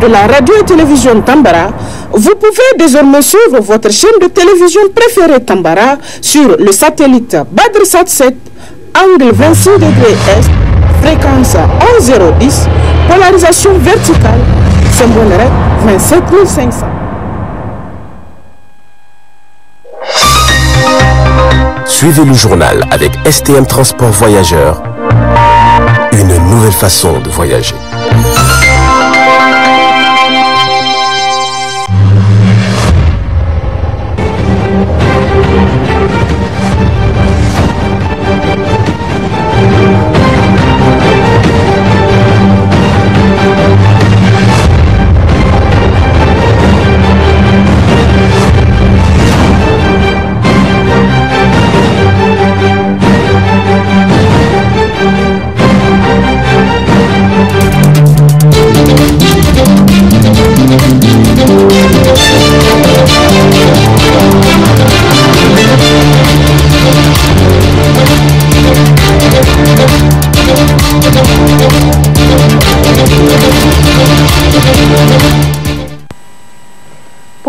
de la radio et télévision Tambara, vous pouvez désormais suivre votre chaîne de télévision préférée Tambara sur le satellite sat 7, angle 26 degrés Est, fréquence 1010, polarisation verticale, symbole REC 27500. Suivez le journal avec STM Transport Voyageurs, une nouvelle façon de voyager.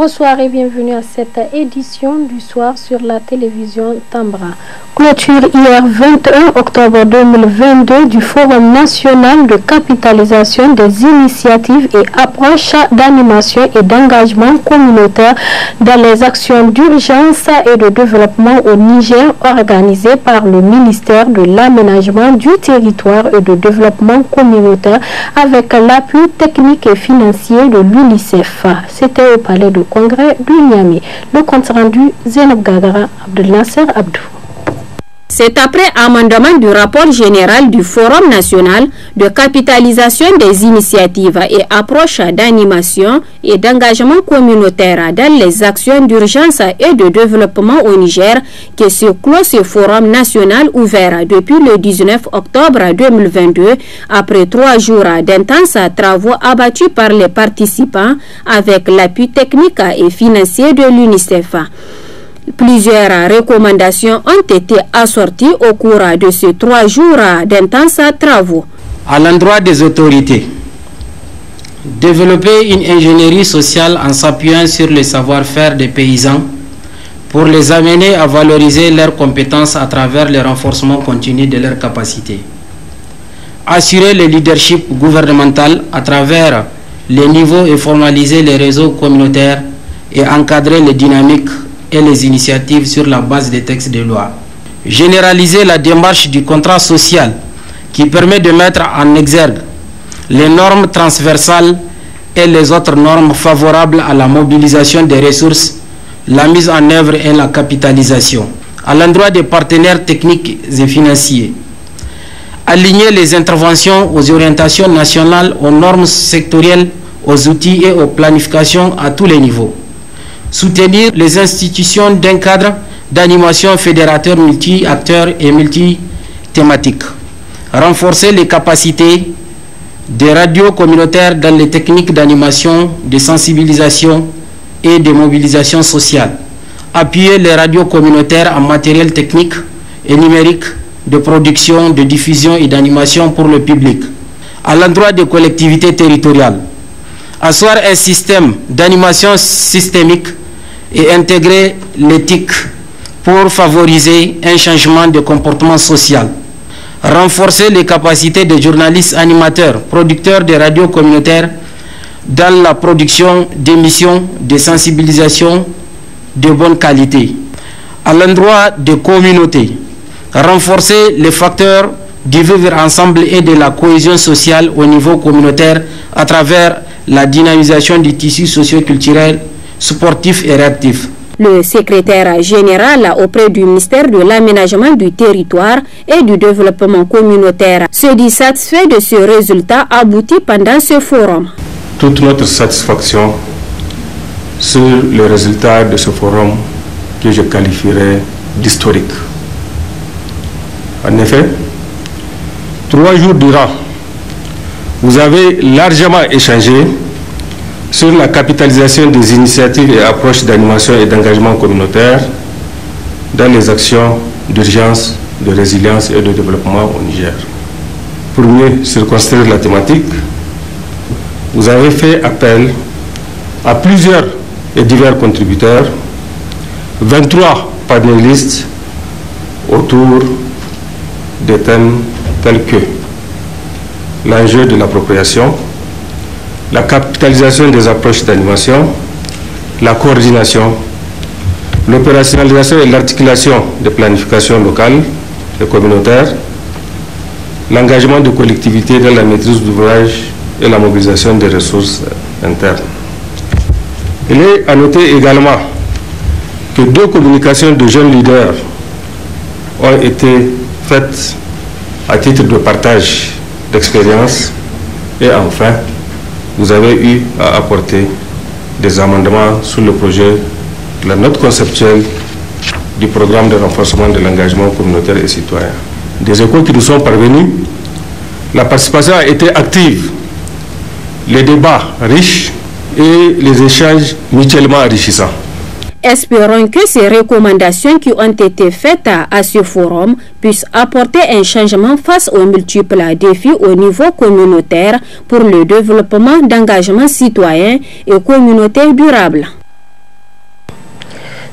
Bonsoir et bienvenue à cette édition du soir sur la télévision Tambra. Clôture hier 21 octobre 2022 du Forum national de capitalisation des initiatives et approches d'animation et d'engagement communautaire dans les actions d'urgence et de développement au Niger organisé par le ministère de l'aménagement du territoire et de développement communautaire avec l'appui technique et financier de l'UNICEF. C'était au palais de congrès du Niamey. Le compte rendu Zenob Gagara Abdel Nasser Abdou. C'est après amendement du rapport général du Forum national de capitalisation des initiatives et approches d'animation et d'engagement communautaire dans les actions d'urgence et de développement au Niger que se clôt ce Forum national ouvert depuis le 19 octobre 2022 après trois jours d'intenses travaux abattus par les participants avec l'appui technique et financier de l'UNICEF. Plusieurs recommandations ont été assorties au cours de ces trois jours d'intenses travaux. À l'endroit des autorités, développer une ingénierie sociale en s'appuyant sur le savoir-faire des paysans pour les amener à valoriser leurs compétences à travers le renforcement continu de leurs capacités. Assurer le leadership gouvernemental à travers les niveaux et formaliser les réseaux communautaires et encadrer les dynamiques et les initiatives sur la base des textes de loi. Généraliser la démarche du contrat social qui permet de mettre en exergue les normes transversales et les autres normes favorables à la mobilisation des ressources, la mise en œuvre et la capitalisation, à l'endroit des partenaires techniques et financiers. Aligner les interventions aux orientations nationales, aux normes sectorielles, aux outils et aux planifications à tous les niveaux soutenir les institutions d'un cadre d'animation fédérateur multi-acteurs et multi thématiques renforcer les capacités des radios communautaires dans les techniques d'animation, de sensibilisation et de mobilisation sociale, appuyer les radios communautaires en matériel technique et numérique de production, de diffusion et d'animation pour le public, à l'endroit des collectivités territoriales, asseoir un système d'animation systémique et intégrer l'éthique pour favoriser un changement de comportement social. Renforcer les capacités des journalistes animateurs, producteurs de radios communautaires dans la production d'émissions de sensibilisation de bonne qualité. À l'endroit des communautés, renforcer les facteurs du vivre ensemble et de la cohésion sociale au niveau communautaire à travers la dynamisation du tissu socio-culturel, sportif et réactif. Le secrétaire général auprès du ministère de l'aménagement du territoire et du développement communautaire se dit satisfait de ce résultat abouti pendant ce forum. Toute notre satisfaction sur le résultat de ce forum que je qualifierais d'historique. En effet, trois jours durant vous avez largement échangé sur la capitalisation des initiatives et approches d'animation et d'engagement communautaire dans les actions d'urgence, de résilience et de développement au Niger. Pour mieux circonscrire la thématique, vous avez fait appel à plusieurs et divers contributeurs, 23 panélistes autour des thèmes tels que l'enjeu de l'appropriation, la capitalisation des approches d'animation, la coordination, l'opérationnalisation et l'articulation des planifications locales et communautaires, l'engagement de collectivités dans la maîtrise d'ouvrage et la mobilisation des ressources internes. Il est à noter également que deux communications de jeunes leaders ont été faites à titre de partage d'expérience. Et enfin, vous avez eu à apporter des amendements sur le projet de la note conceptuelle du programme de renforcement de l'engagement communautaire et citoyen. Des échos qui nous sont parvenus, la participation a été active, les débats riches et les échanges mutuellement enrichissants. Espérons que ces recommandations qui ont été faites à, ce forum puissent apporter un changement face aux multiples défis au niveau communautaire pour le développement d'engagements citoyens et communautaires durables.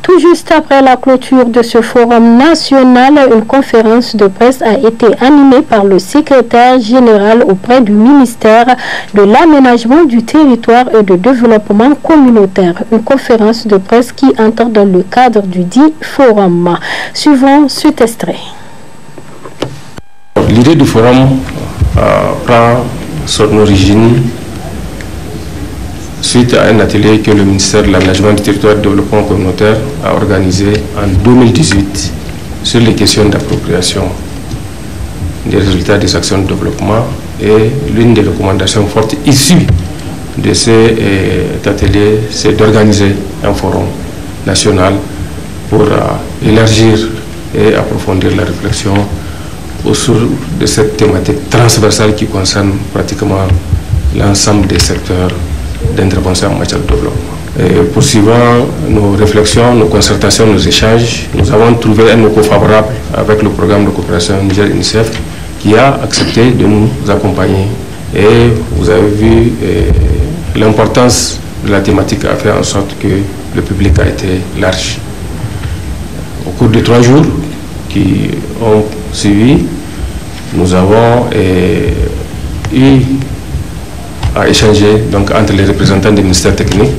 Tout juste après la clôture de ce forum national, une conférence de presse a été animée par le secrétaire général auprès du ministère de l'aménagement du territoire et de développement communautaire. Une conférence de presse qui entre dans le cadre du dit forum. Suivons ce extrait. L'idée du forum euh, prend son origine suite à un atelier que le ministère de l'Aménagement du Territoire et du Développement communautaire a organisé en 2018 sur les questions d'appropriation des résultats des actions de développement et l'une des recommandations fortes issues de cet euh, atelier, c'est d'organiser un forum national pour euh, élargir et approfondir la réflexion autour de cette thématique transversale qui concerne pratiquement l'ensemble des secteurs d'intervention en matière de développement. poursuivant nos réflexions, nos concertations, nos échanges, nous avons trouvé un écho favorable avec le programme de coopération Niger-UNICEF qui a accepté de nous accompagner. Et vous avez vu eh, l'importance de la thématique a fait en sorte que le public a été large. Au cours des trois jours qui ont suivi, nous avons eh, eu à échanger donc, entre les représentants des ministères techniques,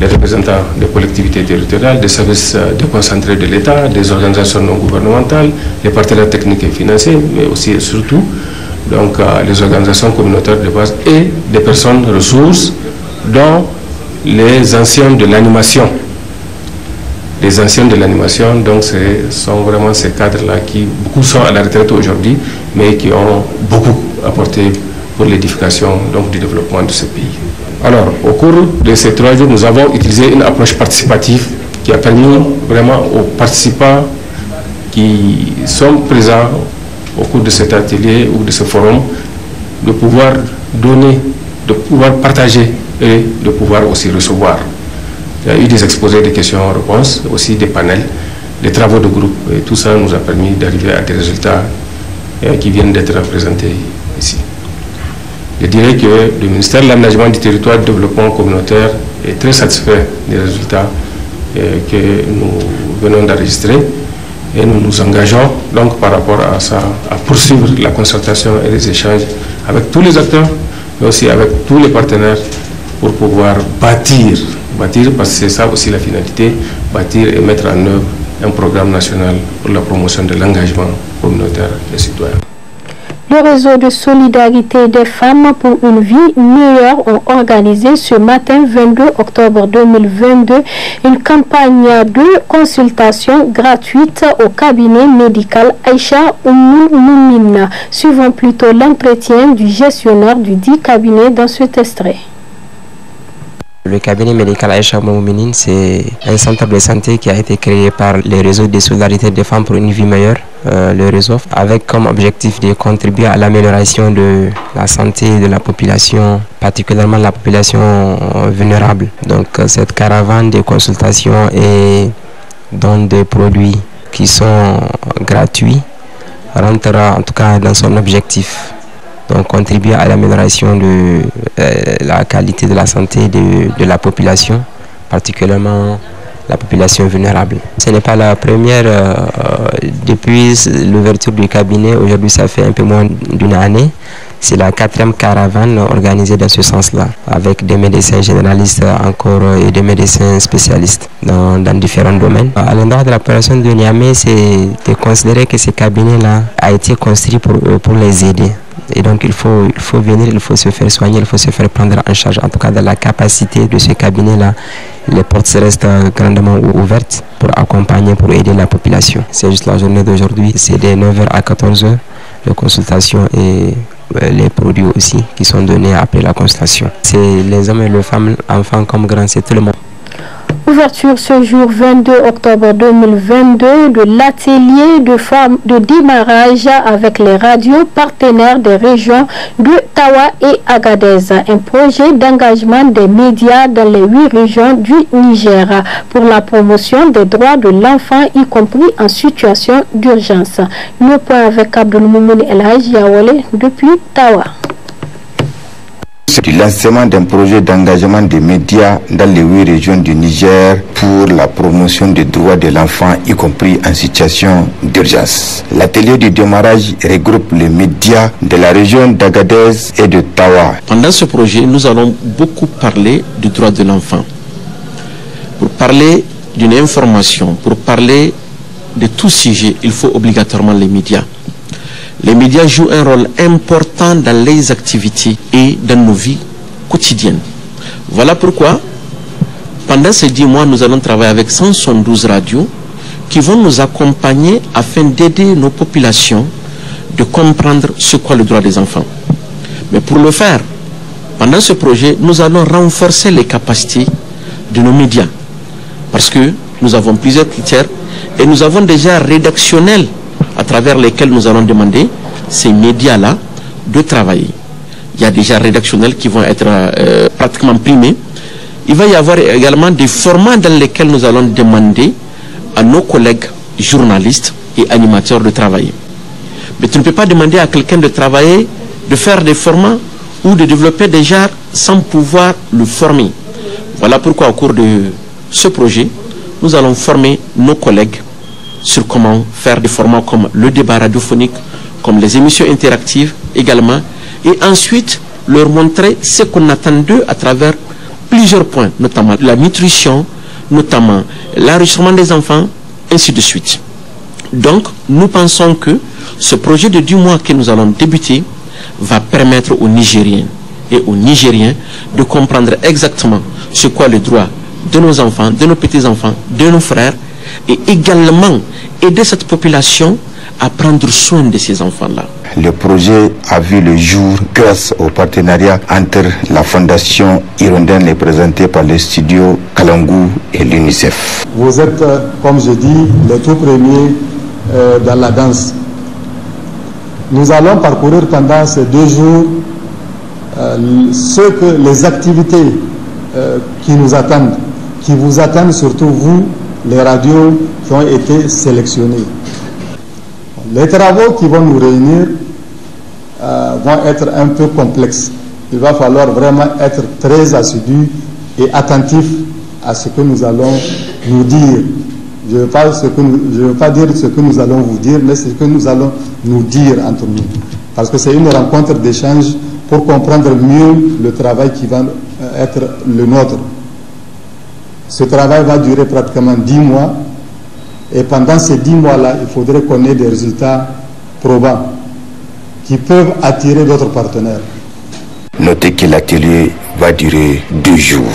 les représentants des collectivités territoriales, des services de euh, déconcentrés de l'État, des organisations non gouvernementales, les partenaires techniques et financiers, mais aussi et surtout donc, euh, les organisations communautaires de base et des personnes ressources, dont les anciens de l'animation. Les anciens de l'animation, donc, ce sont vraiment ces cadres-là qui, beaucoup sont à la retraite aujourd'hui, mais qui ont beaucoup apporté pour l'édification donc du développement de ce pays. Alors, au cours de ces trois jours, nous avons utilisé une approche participative qui a permis vraiment aux participants qui sont présents au cours de cet atelier ou de ce forum de pouvoir donner, de pouvoir partager et de pouvoir aussi recevoir. Il y a eu des exposés des questions-réponses, aussi des panels, des travaux de groupe. Et tout ça nous a permis d'arriver à des résultats eh, qui viennent d'être présentés ici je dirais que le ministère de l'Aménagement du Territoire et du Développement communautaire est très satisfait des résultats euh, que nous venons d'enregistrer et nous nous engageons donc par rapport à ça à poursuivre la consultation et les échanges avec tous les acteurs mais aussi avec tous les partenaires pour pouvoir bâtir bâtir parce que c'est ça aussi la finalité bâtir et mettre en œuvre un programme national pour la promotion de l'engagement communautaire des citoyens. Le réseau de solidarité des femmes pour une vie meilleure a organisé ce matin 22 octobre 2022 une campagne de consultation gratuite au cabinet médical Aïcha Oumoul suivant plutôt l'entretien du gestionnaire du dit cabinet dans ce extrait. Le cabinet médical Aïcha c'est un centre de santé qui a été créé par le réseau de solidarité des femmes pour une vie meilleure, euh, le réseau, avec comme objectif de contribuer à l'amélioration de la santé de la population, particulièrement la population euh, vulnérable. Donc euh, cette caravane de consultation et donne des produits qui sont gratuits rentrera en tout cas dans son objectif donc contribuer à l'amélioration de euh, la qualité de la santé de, la population, particulièrement la population vulnérable. Ce n'est pas la première euh, euh, depuis l'ouverture du cabinet, aujourd'hui ça fait un peu moins d'une année. C'est la quatrième caravane organisée dans ce sens-là, avec des médecins généralistes encore et des médecins spécialistes dans, différents domaines. À l'endroit de la population de Niamey, c'est de considérer que ce cabinet-là a été construit pour les aider. Et donc, il faut, il faut venir, il faut se faire soigner, il faut se faire prendre en charge. En tout cas, dans la capacité de ce cabinet-là, les portes restent euh, grandement ouvertes pour accompagner, pour aider la population. C'est juste la journée d'aujourd'hui, c'est de 9h à 14h, les consultations et euh, les produits aussi qui sont donnés après la consultation. C'est les hommes et les femmes, enfants comme grands, c'est tout le monde. Ouverture ce jour 22 octobre 2022 de l'atelier de, forme de démarrage avec les radios partenaires des régions de Tawa et Agadez. Un projet d'engagement des médias dans les huit régions du Niger pour la promotion des droits de l'enfant, y compris en situation d'urgence. Nous point avec Abdul El Hajiawale depuis Tawa du lancement d'un projet d'engagement des médias dans les huit régions du Niger pour la promotion des droits de l'enfant, y compris en situation d'urgence. L'atelier de démarrage regroupe les médias de la région d'Agadez et de Tawa. Pendant ce projet, nous allons beaucoup parler du droit de l'enfant, pour parler d'une information, pour parler de tout sujet, il faut obligatoirement les médias. Les médias jouent un rôle important dans les activités et dans nos vies quotidiennes. Voilà pourquoi, pendant ces dix mois, nous allons travailler avec 172 radios qui vont nous accompagner afin d'aider nos populations de comprendre ce qu'est le droit des enfants. Mais pour le faire, pendant ce projet, nous allons renforcer les capacités de nos médias parce que nous avons plusieurs critères et nous avons déjà rédactionnel à travers lesquels nous allons demander ces médias-là de travailler. Il y a déjà rédactionnels qui vont être euh, pratiquement primés. Il va y avoir également des formats dans lesquels nous allons demander à nos collègues journalistes et animateurs de travailler. Mais tu ne peux pas demander à quelqu'un de travailler, de faire des formats ou de développer des genres sans pouvoir le former. Voilà pourquoi au cours de ce projet, nous allons former nos collègues sur comment faire des formats comme le débat radiophonique, comme les émissions interactives également, et ensuite leur montrer ce qu'on attend d'eux à travers plusieurs points, notamment la nutrition, notamment l'enrichissement des enfants, ainsi de suite. Donc, nous pensons que ce projet de 10 mois que nous allons débuter va permettre aux Nigériens et aux Nigériens de comprendre exactement ce qu'est le droit de nos enfants, de nos petits-enfants, de nos frères, et également aider cette population à prendre soin de ces enfants-là. Le projet a vu le jour grâce au partenariat entre la Fondation Hirondelle et présentée par les studios Kalangou et l'UNICEF. Vous êtes, euh, comme je dis, les tout premiers euh, dans la danse. Nous allons parcourir pendant ces deux jours euh, ce que les activités qui nous attendent, qui vous attendent surtout vous, les radios qui ont été sélectionnées. Les travaux qui vont nous réunir euh, vont être un peu complexes. Il va falloir vraiment être très assidu et attentif à ce que nous allons nous dire. Je ne veux pas dire ce que nous allons vous dire, mais ce que nous allons nous dire entre nous. Parce que c'est une rencontre d'échange pour comprendre mieux le travail qui va être le nôtre. Ce travail va durer pratiquement 10 mois et pendant ces dix mois-là, il faudrait qu'on ait des résultats probants qui peuvent attirer d'autres partenaires. Notez que l'atelier va durer deux jours.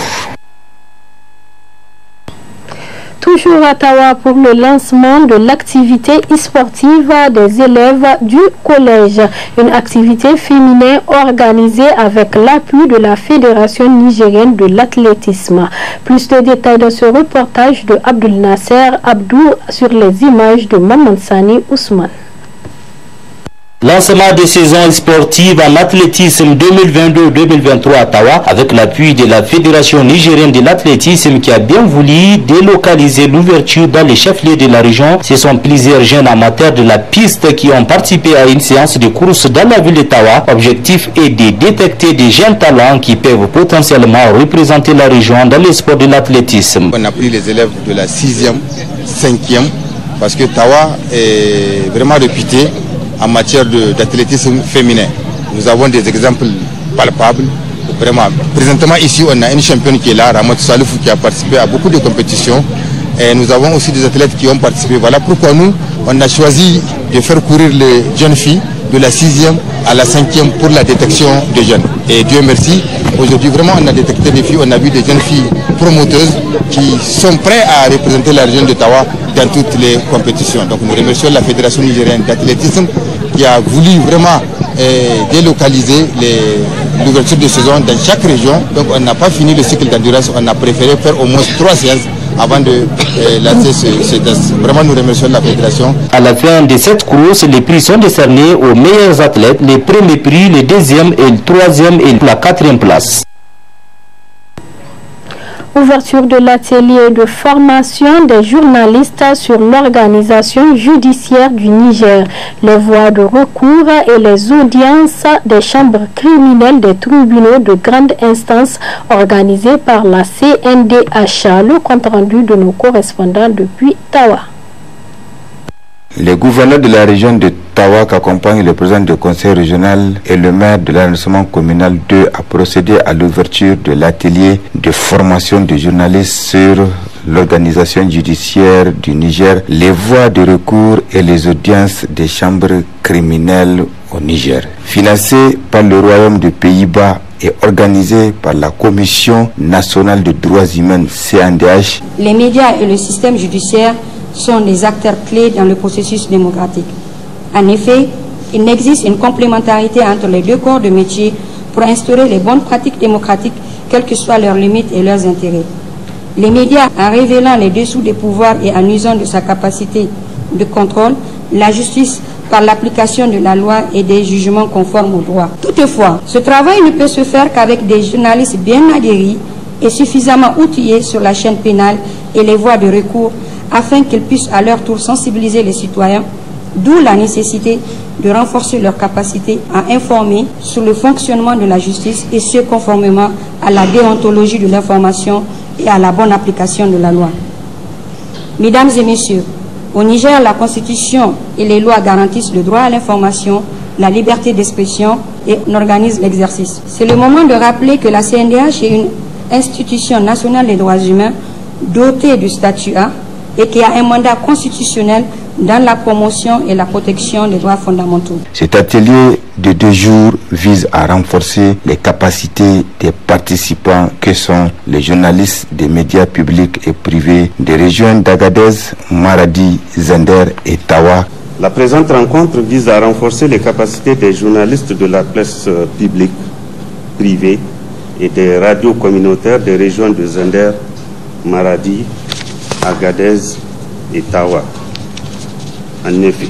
Bonjour à Tawa pour le lancement de l'activité e-sportive des élèves du collège. Une activité féminine organisée avec l'appui de la Fédération nigérienne de l'athlétisme. Plus de détails dans ce reportage de Abdul Nasser Abdou sur les images de Mamansani Ousmane. Lancement des saisons sportives en athlétisme 2022-2023 à Tawa avec l'appui de la Fédération nigérienne de l'athlétisme qui a bien voulu délocaliser l'ouverture dans les chefs-lieux de la région. Ce sont plusieurs jeunes amateurs de la piste qui ont participé à une séance de course dans la ville de Tawa. Objectif est de détecter des jeunes talents qui peuvent potentiellement représenter la région dans les sports de l'athlétisme. On a pris les élèves de la 6e, 5e parce que Tawa est vraiment réputé en matière d'athlétisme féminin. Nous avons des exemples palpables. Vraiment, présentement ici, on a une championne qui est là, Ramat Saloufou, qui a participé à beaucoup de compétitions. Et nous avons aussi des athlètes qui ont participé. Voilà pourquoi nous, on a choisi de faire courir les jeunes filles de la sixième à la cinquième pour la détection des jeunes. Et Dieu merci, aujourd'hui vraiment on a détecté des filles, on a vu des jeunes filles promoteuses qui sont prêtes à représenter la région d'Ottawa dans toutes les compétitions. Donc nous remercions la Fédération nigérienne d'athlétisme qui a voulu vraiment eh, délocaliser l'ouverture de saison dans chaque région. Donc on n'a pas fini le cycle d'endurance, on a préféré faire au moins trois séances avant de euh, lancer ce, test. Vraiment, nous remercions la fédération. À la fin de cette course, les prix sont décernés aux meilleurs athlètes, les premiers prix, le deuxième et le troisième et la quatrième place ouverture de l'atelier de formation des journalistes sur l'organisation judiciaire du Niger, les voies de recours et les audiences des chambres criminelles des tribunaux de grande instance organisées par la CNDH. Le compte rendu de nos correspondants depuis Tawa. Les gouverneurs de la région de Tawak accompagnent le président du conseil régional et le maire de l'arrondissement communal 2 à procéder à l'ouverture de l'atelier de formation de journalistes sur l'organisation judiciaire du Niger, les voies de recours et les audiences des chambres criminelles au Niger. Financé par le royaume des Pays-Bas et organisé par la Commission nationale de droits humains CNDH, les médias et le système judiciaire sont des acteurs clés dans le processus démocratique. En effet, il n'existe une complémentarité entre les deux corps de métier pour instaurer les bonnes pratiques démocratiques, quelles que soient leurs limites et leurs intérêts. Les médias, en révélant les dessous des pouvoirs et en usant de sa capacité de contrôle, la justice par l'application de la loi et des jugements conformes au droit. Toutefois, ce travail ne peut se faire qu'avec des journalistes bien aguerris et suffisamment outillés sur la chaîne pénale et les voies de recours afin qu'ils puissent à leur tour sensibiliser les citoyens, d'où la nécessité de renforcer leur capacité à informer sur le fonctionnement de la justice et ce conformément à la déontologie de l'information et à la bonne application de la loi. Mesdames et Messieurs, au Niger, la Constitution et les lois garantissent le droit à l'information, la liberté d'expression et organisent l'exercice. C'est le moment de rappeler que la CNDH est une institution nationale des droits humains dotée du statut A et qui a un mandat constitutionnel dans la promotion et la protection des droits fondamentaux. Cet atelier de deux jours vise à renforcer les capacités des participants que sont les journalistes des médias publics et privés des régions d'Agadez, Maradi, Zender et Tawa. La présente rencontre vise à renforcer les capacités des journalistes de la presse euh, publique, privée et des radios communautaires des régions de Zender, Maradi, Agadez et Tawa. En effet,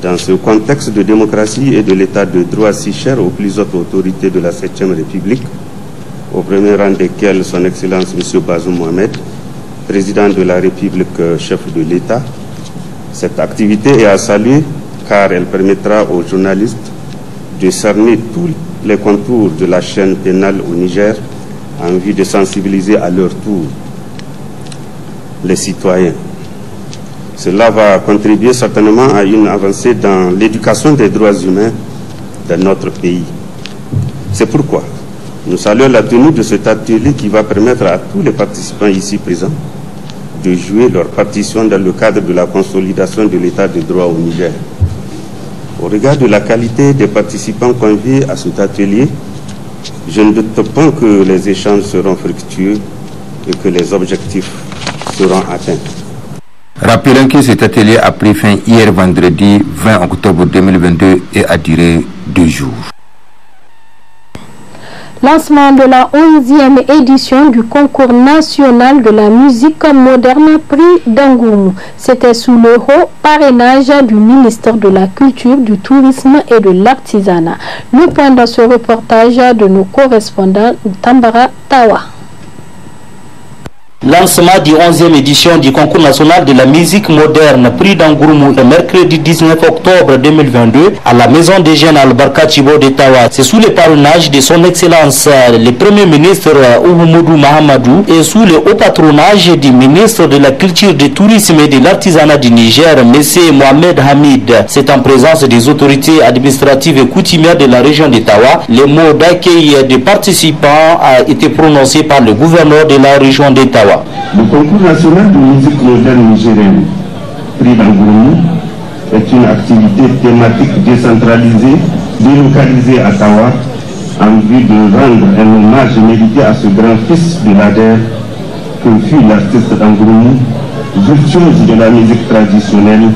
dans ce contexte de démocratie et de l'état de droit si cher aux plus hautes autorités de la 7e République, au premier rang desquelles Son Excellence M. Bazoum Mohamed, président de la République, euh, chef de l'État, cette activité est à saluer car elle permettra aux journalistes de cerner tous les contours de la chaîne pénale au Niger en vue de sensibiliser à leur tour les citoyens. Cela va contribuer certainement à une avancée dans l'éducation des droits humains dans notre pays. C'est pourquoi nous saluons la tenue de cet atelier qui va permettre à tous les participants ici présents de jouer leur partition dans le cadre de la consolidation de l'état de droit au Niger. Au regard de la qualité des participants conviés à cet atelier, je ne doute pas que les échanges seront fructueux et que les objectifs Rappelons que cet atelier a pris fin hier vendredi 20 octobre 2022 et a duré deux jours. Lancement de la 11e édition du concours national de la musique moderne prix d'Angoumou. C'était sous le haut parrainage du ministère de la Culture, du Tourisme et de l'Artisanat. Nous point ce reportage de nos correspondants Tambara Tawa. Lancement du 11e édition du concours national de la musique moderne prix d'Angourmou le mercredi 19 octobre 2022 à la maison des jeunes Albarka de d'Etawa. C'est sous le patronage de son excellence le premier ministre euh, Oumoudou Mahamadou et sous le haut patronage du ministre de la culture, du tourisme et de l'artisanat du Niger, M. Mohamed Hamid. C'est en présence des autorités administratives et coutumières de la région d'Etawa. Le mot d'accueil des participants a euh, été prononcé par le gouverneur de la région d'Etawa. Le concours national de musique moderne nigérienne, prix d'Angourou, est une activité thématique décentralisée, délocalisée à Tawa, en vue de rendre un hommage mérité à ce grand fils de la terre que fut l'artiste d'Angourou, virtuose de la musique traditionnelle,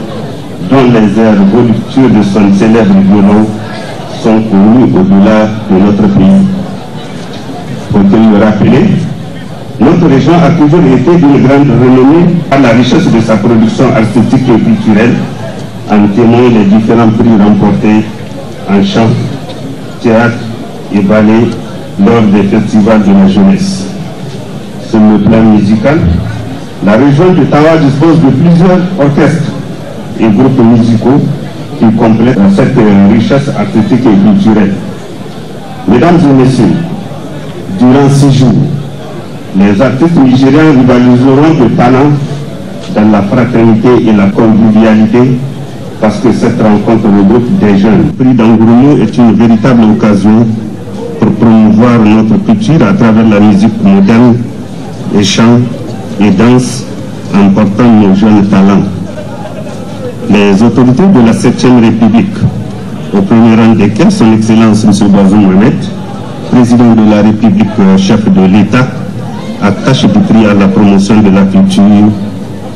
dont les airs voluptueux de son célèbre violon sont connus au-delà de notre pays. Pour il le rappeler notre région a toujours été d'une grande renommée par la richesse de sa production artistique et culturelle, en témoignent les différents prix remportés en chant, théâtre et ballet lors des festivals de la jeunesse. Sur le plan musical, la région de Tawa dispose de plusieurs orchestres et groupes musicaux qui complètent cette richesse artistique et culturelle. Mesdames et messieurs, durant six jours, les artistes nigériens rivaliseront de talent dans la fraternité et la convivialité parce que cette rencontre regroupe des jeunes. Le prix est une véritable occasion pour promouvoir notre culture à travers la musique moderne les chants, et danse en portant nos jeunes talents. Les autorités de la 7e République, au premier rang desquels son Excellence M. Bazoum Mohamed, président de la République, euh, chef de l'État, Attache du à la promotion de la culture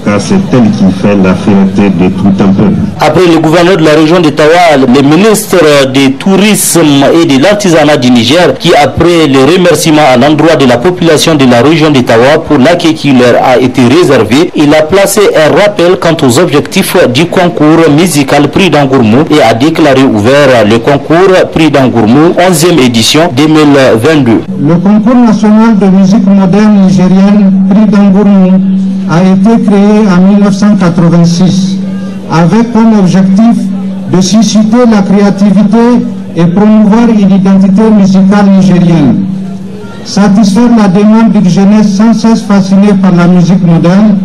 car c'est elle qui fait la fierté de tout un peuple. Après le gouverneur de la région de d'Ottawa, le ministre des Tourisme et de l'Artisanat du Niger, qui après le remerciement à l'endroit de la population de la région d'Ottawa pour l'accueil qui leur a été réservé, il a placé un rappel quant aux objectifs du concours musical Prix d'Angourmou et a déclaré ouvert le concours Prix d'Angourmou 11e édition 2022. Le concours national de musique moderne nigérienne Prix d'Angourmou a été créé en 1986 avec comme objectif de susciter la créativité et promouvoir une identité musicale nigérienne. Satisfaire la demande d'une jeunesse sans cesse fascinée par la musique moderne,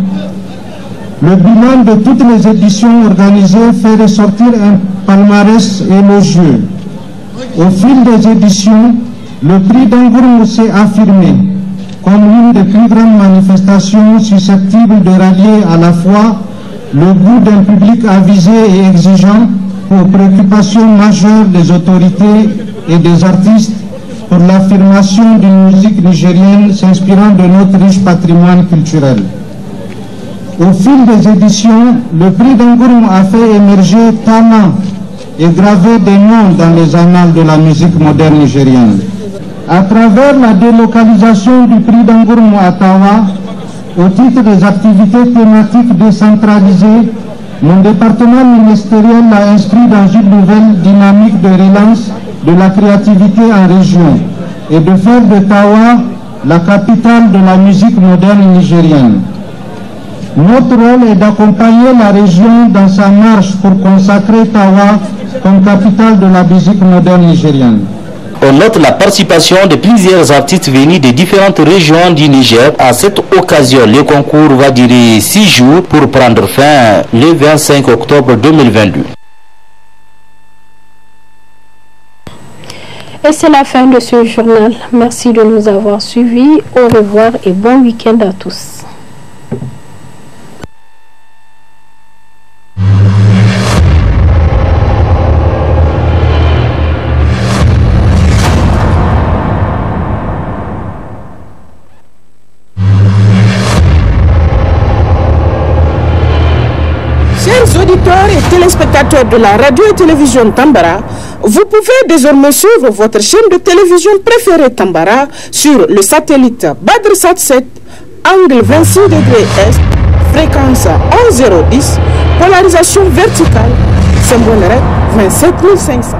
le bilan de toutes les éditions organisées fait ressortir un palmarès élogieux. Au fil des éditions, le prix d'Angour s'est affirmé, comme l'une des plus grandes manifestations susceptibles de rallier à la fois le goût d'un public avisé et exigeant aux préoccupations majeures des autorités et des artistes pour l'affirmation d'une musique nigérienne s'inspirant de notre riche patrimoine culturel. Au fil des éditions, le prix groupe a fait émerger Tana et gravé des noms dans les annales de la musique moderne nigérienne à travers la délocalisation du prix d'Angourmou à Tawa au titre des activités thématiques décentralisées, mon département ministériel l'a inscrit dans une nouvelle dynamique de relance de la créativité en région et de faire de Tawa la capitale de la musique moderne nigérienne. Notre rôle est d'accompagner la région dans sa marche pour consacrer Tawa comme capitale de la musique moderne nigérienne. On note la participation de plusieurs artistes venus de différentes régions du Niger. À cette occasion, le concours va durer six jours pour prendre fin le 25 octobre 2022. Et c'est la fin de ce journal. Merci de nous avoir suivis. Au revoir et bon week-end à tous. auditeurs et téléspectateurs de la radio et télévision Tambara, vous pouvez désormais suivre votre chaîne de télévision préférée Tambara sur le satellite Sat 7, angle 26 degrés Est, fréquence 11010, polarisation verticale, symbole 27500.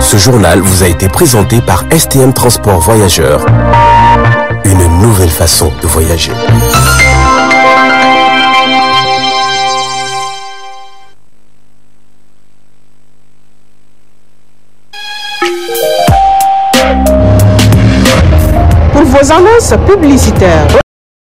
Ce journal vous a été présenté par STM Transport Voyageurs. Une nouvelle façon de voyager. Pour vos annonces publicitaires.